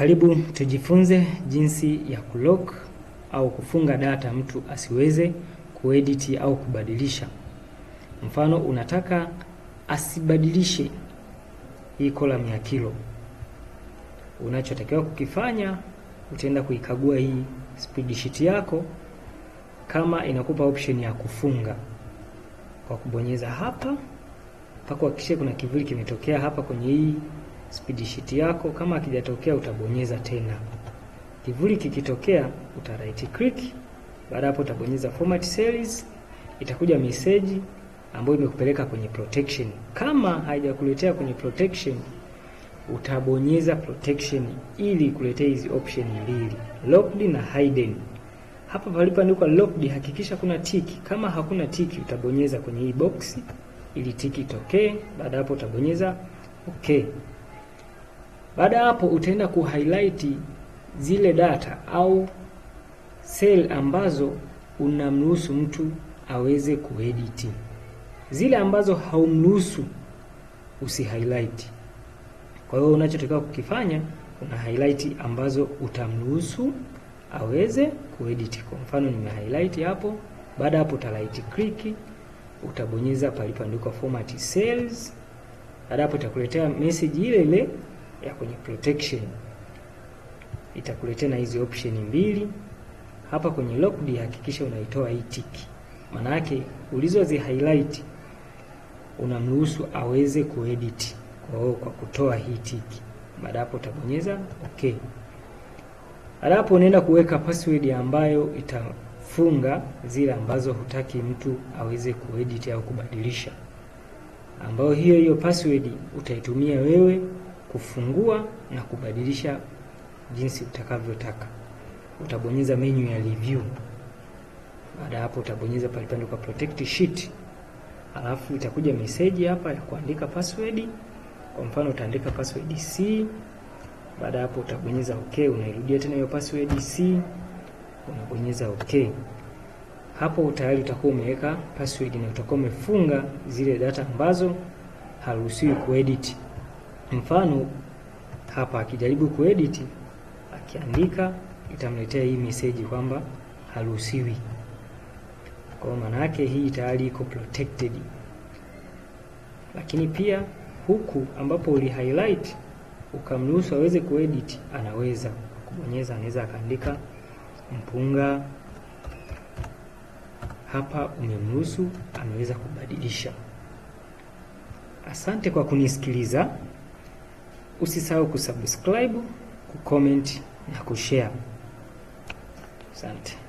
Karibu tujifunze jinsi ya kulock au kufunga data mtu asiweze kuedit au kubadilisha. Mfano, unataka asibadilishe hii column ya kilo. Unachotakiwa kukifanya, utaenda kuikagua hii spreadsheet yako kama inakupa option ya kufunga kwa kubonyeza hapa mpaka uhakikishe kuna kivuli kimetokea hapa kwenye hii Spreadsheet yako kama akijatokea utabonyeza tena. Kivuli kikitokea uta right click, baada hapo utabonyeza format series, itakuja message ambayo imekupeleka kwenye protection. Kama haijakuletea kwenye protection, utabonyeza protection ili kuletea hizi option mbili, locked na hidden. Hapa palipoandikwa locked, hakikisha kuna tiki. Kama hakuna tiki, utabonyeza kwenye hii box ili tiki itokee. Baada hapo utabonyeza okay. Baada hapo utaenda highlight zile data au cell ambazo unamruhusu mtu aweze kuedit. Zile ambazo haumruhusu usi highlight. Kwa hiyo unachotakiwa kukifanya una highlight ambazo utamruhusu aweze kuedit. Kwa mfano nime highlight hapo, baada hapo uta right click, utabonyeza palipoandikwa format cells. Baada hapo itakuletea message ile ile ya kwenye protection itakuletea na hizi option mbili hapa kwenye locked, hakikisha unaitoa hii tick. Maana yake ulizozi highlight unamruhusu aweze kuedit kwa hiyo kwa kutoa hii tick. Baada hapo utabonyeza okay. Alafu unaenda kuweka password ambayo itafunga zile ambazo hutaki mtu aweze kuedit au kubadilisha, ambayo hiyo hiyo password utaitumia wewe kufungua na kubadilisha jinsi utakavyotaka. Utabonyeza menu ya review. Baada ya hapo utabonyeza palipando kwa protect sheet, alafu itakuja message hapa ya kuandika password. Kwa mfano utaandika password C. Baada ya hapo utabonyeza okay, unairudia tena hiyo password C, unabonyeza okay. Hapo tayari utakuwa umeweka password na utakuwa umefunga zile data ambazo haruhusiwi kuedit. Mfano hapa akijaribu kuedit akiandika itamletea hii message kwamba haruhusiwi. Kwa maana yake hii tayari iko protected. Lakini pia huku ambapo uli highlight ukamruhusu aweze kuedit, anaweza kubonyeza, anaweza akaandika mpunga hapa umemruhusu, ameweza kubadilisha. Asante kwa kunisikiliza. Usisahau kusubscribe, kucomment na kushare. Asante.